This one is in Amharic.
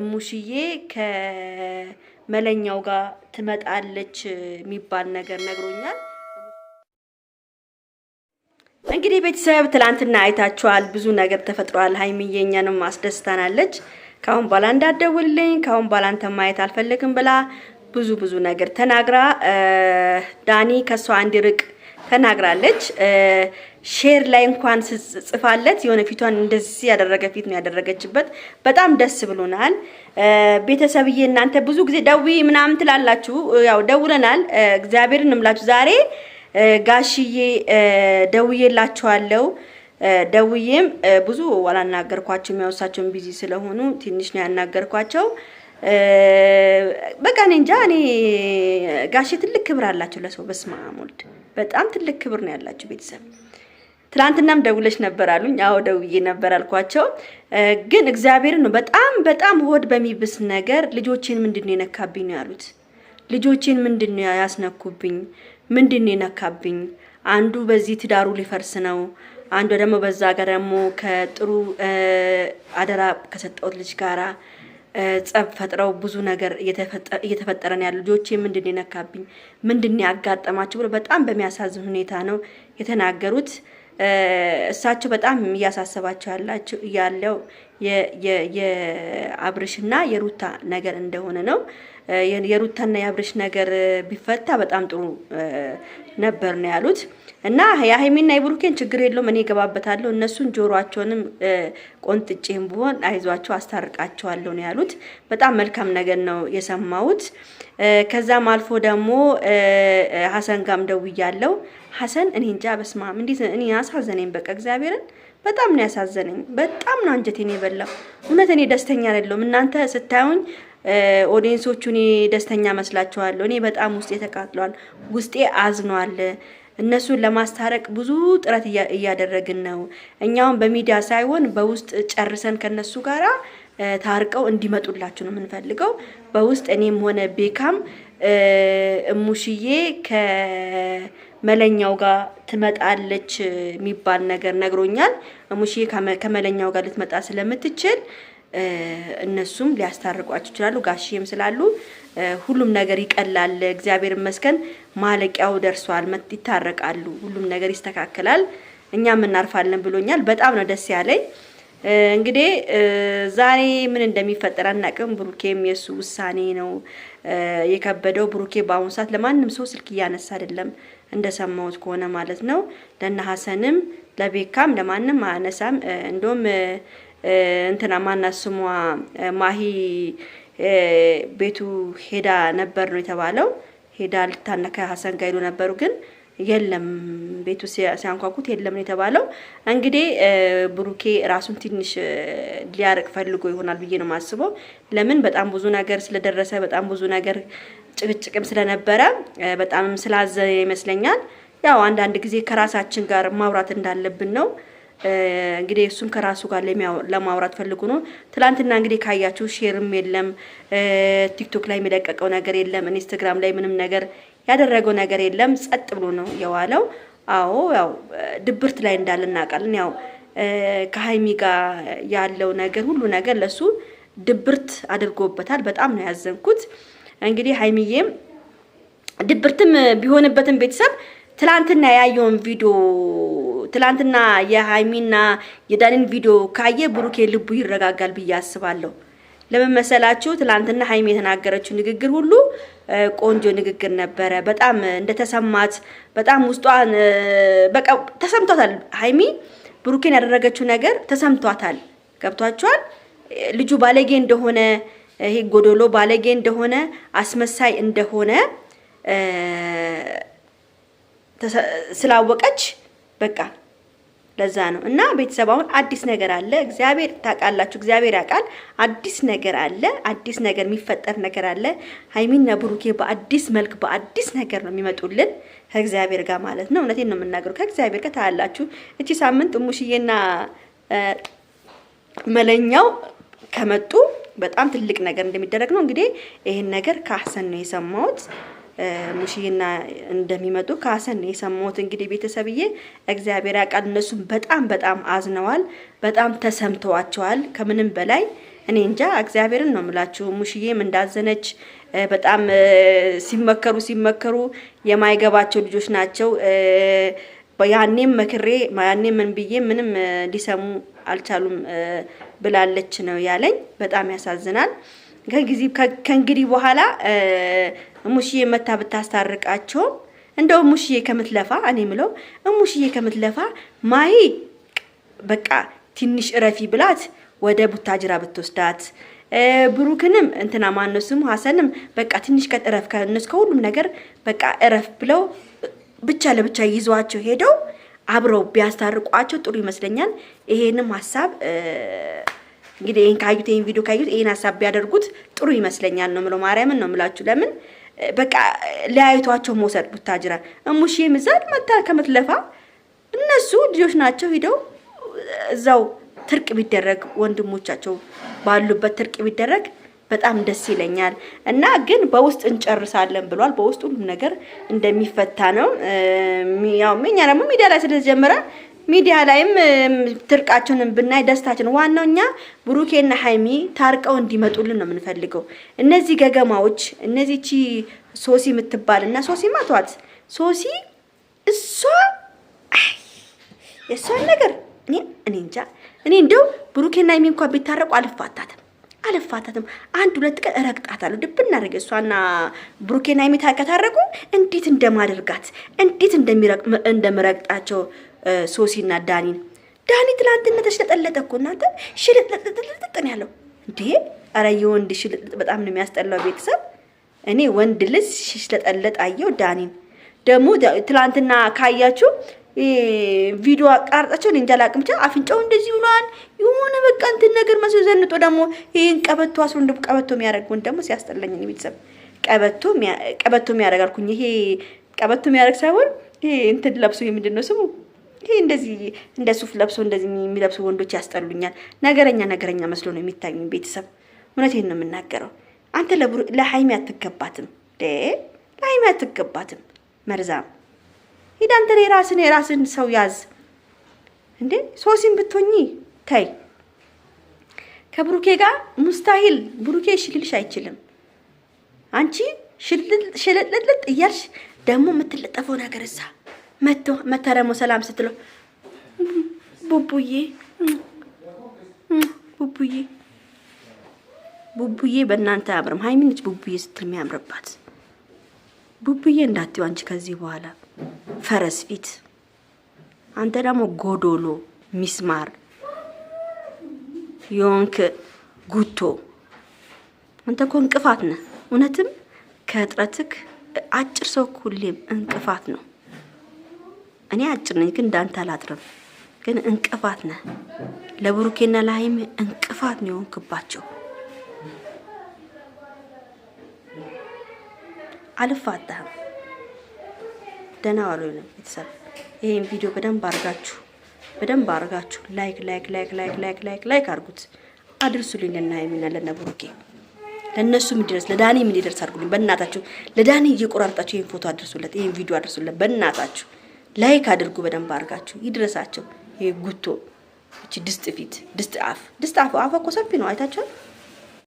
እሙሽዬ ከመለኛው ጋር ትመጣለች የሚባል ነገር ነግሮኛል። እንግዲህ ቤተሰብ ትላንትና አይታችኋል። ብዙ ነገር ተፈጥሯል። ሀይሚዬ እኛንም አስደስታናለች። ካሁን በኋላ እንዳትደውልልኝ ካሁን በኋላ አንተ ማየት አልፈልግም ብላ ብዙ ብዙ ነገር ተናግራ ዳኒ ከሷ እንዲርቅ ተናግራለች። ሼር ላይ እንኳን ስጽፋለት የሆነ ፊቷን እንደዚህ ያደረገ ፊት ነው ያደረገችበት። በጣም ደስ ብሎናል። ቤተሰብዬ እናንተ ብዙ ጊዜ ደዊ ምናምን ትላላችሁ፣ ያው ደውለናል። እግዚአብሔርን እምላችሁ ዛሬ ጋሽዬ ደውዬላችኋለሁ። ደውዬም ብዙ አላናገርኳቸው፣ የሚያወሳቸውን ቢዚ ስለሆኑ ትንሽ ነው ያናገርኳቸው። በቃ እኔ እንጃ እኔ ጋሼ ትልቅ ክብር አላቸው ለሰው በስመ አብ ወልድ፣ በጣም ትልቅ ክብር ነው ያላቸው ቤተሰብ ትናንትናም ደውለሽ ነበር አሉኝ። አዎ ደውዬ ነበር አልኳቸው። ግን እግዚአብሔር ነው በጣም በጣም ሆድ በሚብስ ነገር ልጆቼን ምንድን ነው የነካብኝ ነው ያሉት። ልጆቼን ምንድን ነው ያስነኩብኝ? ምንድን ነው የነካብኝ? አንዱ በዚህ ትዳሩ ሊፈርስ ነው፣ አንዱ ደግሞ በዛ ጋር ደግሞ ከጥሩ አደራ ከሰጠሁት ልጅ ጋራ ጸብ ፈጥረው ብዙ ነገር እየተፈጠረ ነው ያሉ። ልጆቼ ምንድን ነው የነካብኝ? ምንድን ነው ያጋጠማቸው ብሎ በጣም በሚያሳዝን ሁኔታ ነው የተናገሩት። እሳቸው በጣም እያሳሰባቸው ያላቸው ያለው የአብርሽና የሩታ ነገር እንደሆነ ነው። የሩታና የአብርሽ ነገር ቢፈታ በጣም ጥሩ ነበር ነው ያሉት። እና የሀይሚና የብሩኬን ችግር የለውም፣ እኔ እገባበታለሁ። እነሱን ጆሮአቸውንም ቆንጥጬም ቢሆን አይዟቸው አስታርቃቸዋለሁ ነው ያሉት። በጣም መልካም ነገር ነው የሰማሁት። ከዛም አልፎ ደግሞ ሀሰን ጋም ደውያለሁ። ሀሰን እኔ እንጃ በስማም፣ እንዴት እኔ አሳዘነኝ። በቃ እግዚአብሔርን በጣም ነው ያሳዘነኝ። በጣም ነው አንጀቴን የበላው። እውነት እኔ ደስተኛ አይደለሁም። እናንተ ስታዩኝ ኦዲየንሶቹ እኔ ደስተኛ መስላችኋለሁ። እኔ በጣም ውስጤ ተቃጥሏል፣ ውስጤ አዝኗል። እነሱን ለማስታረቅ ብዙ ጥረት እያደረግን ነው። እኛውን በሚዲያ ሳይሆን በውስጥ ጨርሰን ከነሱ ጋራ ታርቀው እንዲመጡላችሁ ነው የምንፈልገው። በውስጥ እኔም ሆነ ቤካም እሙሽዬ መለኛው ጋር ትመጣለች የሚባል ነገር ነግሮኛል። ሙሽ ከመለኛው ጋር ልትመጣ ስለምትችል እነሱም ሊያስታርቋቸው ይችላሉ። ጋሽም ስላሉ ሁሉም ነገር ይቀላል። እግዚአብሔር ይመስገን ማለቂያው ደርሷል። ይታረቃሉ፣ ሁሉም ነገር ይስተካከላል፣ እኛም እናርፋለን ብሎኛል። በጣም ነው ደስ ያለኝ። እንግዲህ ዛሬ ምን እንደሚፈጠር አናውቅም። ብሩኬም የእሱ ውሳኔ ነው የከበደው። ብሩኬ በአሁኑ ሰዓት ለማንም ሰው ስልክ እያነሳ አይደለም። እንደሰማሁት ከሆነ ማለት ነው። ለነ ሀሰንም ለቤካም ለማንም አነሳም። እንደውም እንትና ማናት ስሟ ማሂ ቤቱ ሄዳ ነበር ነው የተባለው። ሄዳ ልታነከ ሀሰን ጋር ነበሩ ግን የለም ቤቱ ሲያንኳኩት የለም ነው የተባለው። እንግዲህ ብሩኬ ራሱን ትንሽ ሊያርቅ ፈልጎ ይሆናል ብዬ ነው የማስበው። ለምን በጣም ብዙ ነገር ስለደረሰ በጣም ብዙ ነገር ጭቅጭቅም ስለነበረ በጣምም ስላዘነ ይመስለኛል። ያው አንዳንድ ጊዜ ከራሳችን ጋር ማውራት እንዳለብን ነው። እንግዲህ እሱም ከራሱ ጋር ለማውራት ፈልጉ ነው። ትላንትና እንግዲህ ካያችሁ ሼርም የለም፣ ቲክቶክ ላይ የሚለቀቀው ነገር የለም፣ ኢንስታግራም ላይ ምንም ነገር ያደረገው ነገር የለም። ጸጥ ብሎ ነው የዋለው። አዎ ያው ድብርት ላይ እንዳለ እናውቃለን። ያው ከሀይሚ ጋር ያለው ነገር ሁሉ ነገር ለሱ ድብርት አድርጎበታል። በጣም ነው ያዘንኩት። እንግዲህ ሀይሚዬም ድብርትም ቢሆንበትም ቤተሰብ ትላንትና ያየውን ቪዲዮ ትላንትና የሀይሚና የዳኒን ቪዲዮ ካየ ብሩኬ ልቡ ይረጋጋል ብዬ አስባለሁ። ለምን መሰላችሁ? ትላንትና ሀይሚ የተናገረችው ንግግር ሁሉ ቆንጆ ንግግር ነበረ። በጣም እንደተሰማት በጣም ውስጧን በቃ ተሰምቷታል። ሀይሚ ብሩኬን ያደረገችው ነገር ተሰምቷታል። ገብቷቸዋል። ልጁ ባለጌ እንደሆነ ይሄ ጎዶሎ ባለጌ እንደሆነ አስመሳይ እንደሆነ ስላወቀች በቃ ለዛ ነው እና ቤተሰብ አሁን አዲስ ነገር አለ። እግዚአብሔር ታውቃላችሁ፣ እግዚአብሔር ያውቃል። አዲስ ነገር አለ፣ አዲስ ነገር የሚፈጠር ነገር አለ። ሀይሚና ብሩኬ በአዲስ መልክ በአዲስ ነገር ነው የሚመጡልን ከእግዚአብሔር ጋር ማለት ነው። እውነቴን ነው የምናገሩ ከእግዚአብሔር ጋር ታያላችሁ። እቺ ሳምንት ሙሽዬና መለኛው ከመጡ በጣም ትልቅ ነገር እንደሚደረግ ነው። እንግዲህ ይህን ነገር ከአሰን ነው የሰማሁት። ሙሽዬና እንደሚመጡ ከአሰን ነው የሰማሁት። እንግዲህ ቤተሰብዬ እግዚአብሔር ያውቃል። እነሱም በጣም በጣም አዝነዋል፣ በጣም ተሰምተዋቸዋል። ከምንም በላይ እኔ እንጃ እግዚአብሔርን ነው የምላችሁ። ሙሽዬም እንዳዘነች በጣም ሲመከሩ ሲመከሩ የማይገባቸው ልጆች ናቸው። ያኔም መክሬ ያኔ ምን ብዬ ምንም ሊሰሙ አልቻሉም ብላለች ነው ያለኝ። በጣም ያሳዝናል። ከጊዜ ከእንግዲህ በኋላ ሙሽዬ መታ ብታስታርቃቸው እንደው ሙሽዬ ከምትለፋ እኔ ምለው ሙሽዬ ከምትለፋ ማሂ በቃ ትንሽ እረፊ ብላት ወደ ቡታጅራ ብትወስዳት ብሩክንም እንትና ማነው ስሙ ሀሰንም በቃ ትንሽ ቀን እረፍ ከእነሱ ከሁሉም ነገር በቃ እረፍ ብለው ብቻ ለብቻ ይዟቸው ሄደው አብረው ቢያስታርቋቸው ጥሩ ይመስለኛል። ይሄንም ሀሳብ እንግዲህ ይህን ካዩት ይህን ቪዲዮ ካዩት ይሄን ሀሳብ ቢያደርጉት ጥሩ ይመስለኛል ነው ምለው ማርያምን ነው ምላችሁ። ለምን በቃ ለያይቷቸው መውሰድ ቡታጅራ እሙሽ ምዛድ መታ ከምትለፋ እነሱ ልጆች ናቸው ሂደው እዛው ትርቅ ቢደረግ ወንድሞቻቸው ባሉበት ትርቅ ቢደረግ በጣም ደስ ይለኛል እና ግን በውስጥ እንጨርሳለን ብሏል። በውስጥ ሁሉም ነገር እንደሚፈታ ነው። ያው እኛ ደግሞ ሚዲያ ላይ ስለተጀመረ ሚዲያ ላይም ትርቃችንን ብናይ ደስታችን ዋናው እኛ ብሩኬና ሀይሚ ታርቀው እንዲመጡልን ነው የምንፈልገው። እነዚህ ገገማዎች እነዚህ ቺ ሶሲ የምትባል እና ሶሲ ማቷት ሶሲ እሷ የእሷን ነገር እኔ እኔ እንጃ እኔ እንደው ብሩኬና ሀይሚ እንኳን ቢታረቁ አልፋታትም። አለፋታትም። አንድ ሁለት ቀን እረግጣታለሁ። ድብ እናደርገ እሷና ብሩኬና የሚታ ታቀታረቁ እንዴት እንደማደርጋት እንዴት እንደምረግጣቸው ሶሲና ዳኒን። ዳኒ ትላንትና ተሽለጠለጠ እኮ እናንተ ሽልጥለጥለጥ ያለው እንዴ! ኧረ የወንድ ሽልጥልጥ በጣም ነው የሚያስጠላው። ቤተሰብ እኔ ወንድ ልጅ ሽለጠለጥ አየው ዳኒን ደግሞ ትላንትና ካያችሁ ቪዲዮ አቃርጣቸው እኔ እንጃ አላውቅም። ብቻ አፍንጫው እንደዚህ ሆኗል። የሆነ በቃ እንትን ነገር መስሎ ዘንጦ ደግሞ ይህን ቀበቶ አስሮ እንደ ቀበቶ የሚያደርገውን ደግሞ ሲያስጠላኝ ቤተሰብ ቀበቶ ቀበቶ የሚያደርግ አልኩኝ። ይሄ ቀበቶ የሚያደርግ ሳይሆን ይሄ እንትን ለብሶ የምንድን ነው ስሙ? ይሄ እንደዚህ እንደ ሱፍ ለብሶ እንደዚህ የሚለብሱ ወንዶች ያስጠሉኛል። ነገረኛ ነገረኛ መስሎ ነው የሚታኝ ቤተሰብ። እውነቴን ነው የምናገረው። አንተ ለሀይሚ አትገባትም፣ ለሀይሚ አትገባትም። መርዛም ሂድ አንተን የራስን የራስን ሰው ያዝ እንዴ ሶሲን ብትሆኚ ተይ ከብሩኬ ጋር ሙስታሂል ብሩኬ ሽልልሽ አይችልም አንቺ ሽልልልጥ እያልሽ ደግሞ የምትለጠፈው ነገር እዛ መቶ መተረሞ ሰላም ስትለው ቡቡዬ ቡቡዬ ቡቡዬ በእናንተ አያምርም። ሀይሚነች ቡቡዬ ስትል የሚያምርባት ቡቡዬ እንዳትዩ አንቺ ከዚህ በኋላ ፈረስ ፊት፣ አንተ ደግሞ ጎዶሎ ሚስማር የሆንክ ጉቶ፣ አንተ እኮ እንቅፋት ነህ። እውነትም ከእጥረትክ አጭር ሰው ሁሌም እንቅፋት ነው። እኔ አጭር ነኝ ግን እንዳንተ አላጥርም። ግን እንቅፋት ነህ። ለብሩኬና ለሀይሜ እንቅፋት ነው የሆንክባቸው። አልፋታህም። ደህና ዋሉ ቤተሰብ። ይሄን ቪዲዮ በደንብ አርጋችሁ በደንብ አርጋችሁ ላይክ ላይክ ላይክ ላይክ ላይክ ላይክ ላይክ አርጉት አድርሱልኝ። ለና የሚና ለና ብሩኬ ለእነሱ እንዲደርስ ለዳኒ ምን ይደርስ አድርጉልኝ በእናታችሁ። ለዳኒ እየቆራርጣችሁ ይሄን ፎቶ አድርሱለት፣ ይሄን ቪዲዮ አድርሱለት በእናታችሁ። ላይክ አድርጉ በደንብ አርጋችሁ ይድረሳቸው። ይሄ ጉቶ እቺ ድስጥ ፊት ድስጥ አፍ ድስጥ አፍ አፍ እኮ ሰፊ ነው አይታችኋል።